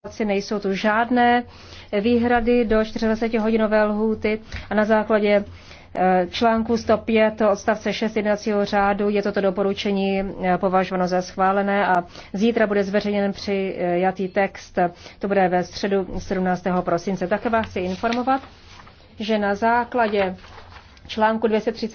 situaci nejsou tu žádné výhrady do 24-hodinové lhůty a na základě eh, článku 105 odstavce 6 jednacího řádu je toto doporučení eh, považováno za schválené a zítra bude zveřejněn přijatý text, to bude ve středu 17. prosince. Také vás chci informovat, že na základě článku 230